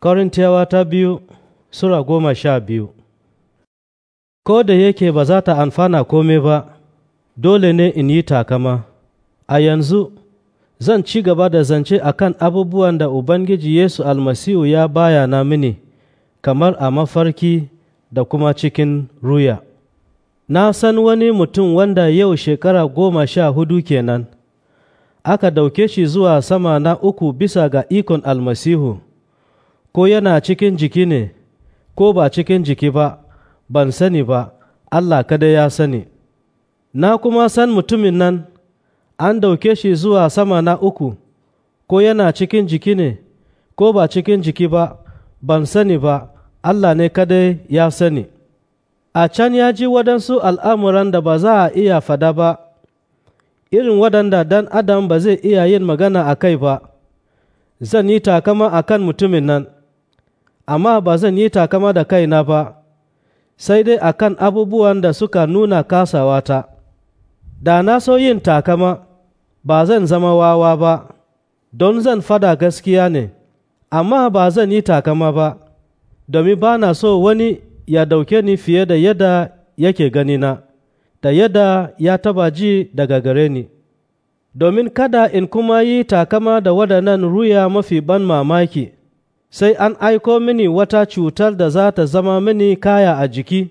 Korintiyawa ta biyu Sura goma sha biyu Ko da yake ba za ta amfana kome ba, dole ne in yi takama, a yanzu zan ci gaba da zance a kan abubuwan da Ubangiji Yesu almasihu ya baya na mini, kamar a mafarki da kuma cikin ruya. Na san wani mutum wanda yau shekara goma sha hudu kenan, aka ɗauke shi zuwa sama na uku bisa ga ikon almasihu. ko yana cikin jiki ne ko ba cikin jiki ba ban sani ba Allah kada ya sani na kuma san mutumin nan an dauke shi zuwa sama na uku ko yana cikin jiki ne ko ba cikin jiki ba ban sani ba Allah ne kada ya sani a can ya ji waɗansu al'amuran da ba za a iya fada ba irin waɗanda dan adam ba zai iya yin magana a kai ba zan yi takama a kan mutumin nan amma ba zan yi takama da kaina ba, sai dai akan abubuwan da suka nuna kasawata. Da na so yin takama, ba zan zama wawa ba, don zan fada gaskiya ne, amma ba zan yi takama ba, domin ba na so wani ya dauke ni fiye da yadda yake ganina, da yadda ya taba ji daga gare ni. Domin kada in kuma yi takama da waɗannan ruya mafi ban mamaki. sai an aiko mini wata cutar da za ta zama mini kaya a jiki,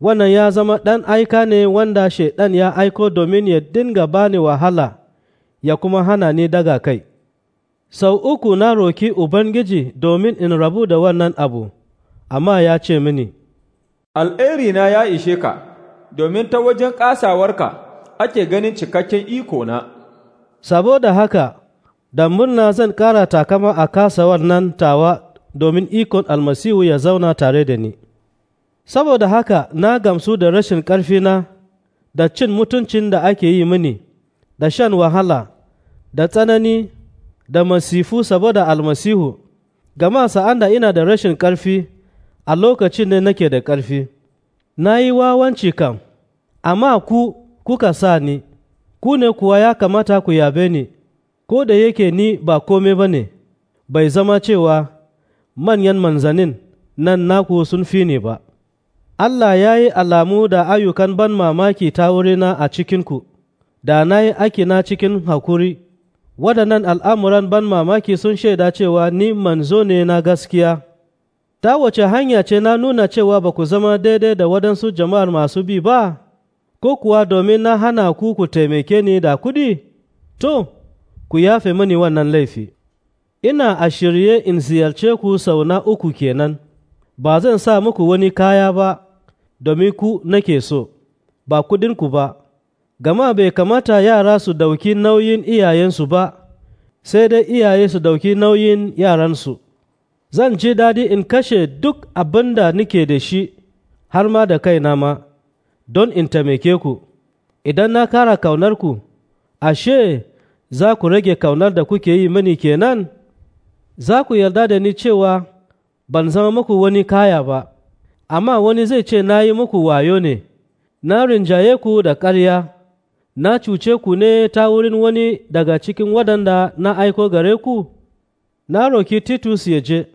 wannan ya zama ɗan aika ne wanda Shaiɗan ya aiko domin ya dinga ba ni wahala ya kuma hana ni daga kai. Sau uku na roki Ubangiji domin in rabu da wannan abu, amma ya ce mini, Al'erina ya ishe ka, domin ta wajen ƙasawarka ake ganin cikakken ikona. Saboda haka, da murna zan ƙara takama a kasawar nan tawa domin ikon almasihu ya zauna tare da ni. Saboda haka na gamsu da rashin ƙarfina da cin mutuncin da ake yi mini, da shan wahala, da tsanani, da masifu saboda almasihu, gama sa'an da ina da rashin ƙarfi a lokacin ne nake da ƙarfi. Na yi wawanci kam, amma ku kuka sa ni, ku ne kuwa ya kamata ku yabe ni. ko da yake ni ba kome ba ne bai zama cewa manyan manzanin nan naku sun fi ne ba Allah ya yi alamu da ayyukan ban mamaki ta wurina a cikinku da na yi akina cikin hakuri waɗannan al'amuran ban mamaki sun shaida cewa ni manzo ne na gaskiya ta wace hanya ce na nuna cewa ba ku zama daidai da waɗansu jama'ar masu bi ba ko kuwa domin na hana ku ku taimake ni da kuɗi? to ku yafe mini wannan laifi, ina a shirye in ziyarce ku sau na uku kenan, ba zan sa muku wani kaya ba, domin ku nake so, ba kudinku ba, gama bai kamata yara su dauki nauyin iyayensu ba, sai dai iyaye su dauki nauyin yaransu. Zan ji daɗi in kashe duk abin da nike da shi, har ma da kaina ma, don in taimake ku, idan na kara kaunarku, ashe za ku rage kaunar da kuke yi mani kenan za ku yarda da ni cewa ban zama muku wani kaya ba amma wani zai ce na yi muku wayo ne na rinjaye ku da karya. na cuce ku ne ta wurin wani daga cikin wadanda na aiko gare ku na roki titus ya je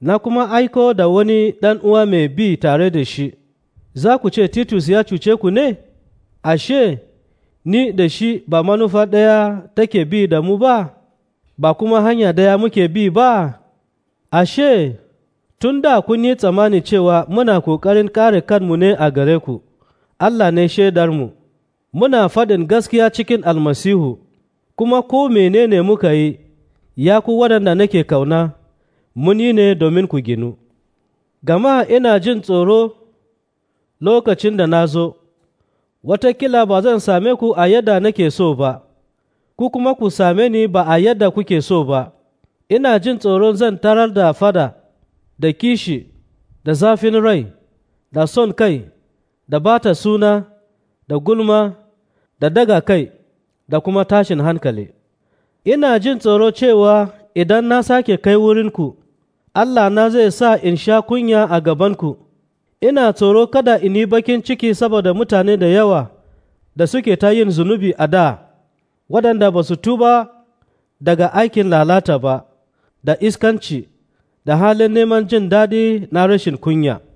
na kuma aiko da wani ɗan uwa mai bi tare da shi za ku ce titus ya cuce ku ne ashe ni da shi ba manufa ɗaya take bi da mu ba, ba kuma hanya ɗaya muke bi ba, ashe, tun da kun yi tsammani cewa muna ƙoƙarin kare kanmu ne a gare ku, Allah ne shaidarmu, muna faɗin gaskiya cikin almasihu, kuma ko menene muka yi, ya ku waɗanda nake kauna, mun yi ne domin ku ginu. Gama ina jin tsoro lokacin da na zo. Wataƙila ba zan same ku a yadda nake so ba, ku kuma ku same ni ba a yadda kuke so ba, ina jin tsoron zan tarar da fada, da kishi, da zafin rai, da son kai, da bata suna, da gulma, da daga kai, da kuma tashin hankali. Ina jin tsoro cewa idan na sake kai wurinku, Allah na zai sa in sha kunya a gabanku. ina tsoro kada in yi bakin ciki saboda mutane da yawa da suke ta yin zunubi a da waɗanda ba su tuba daga aikin lalata ba da iskanci da halin neman jin daɗi na rashin kunya.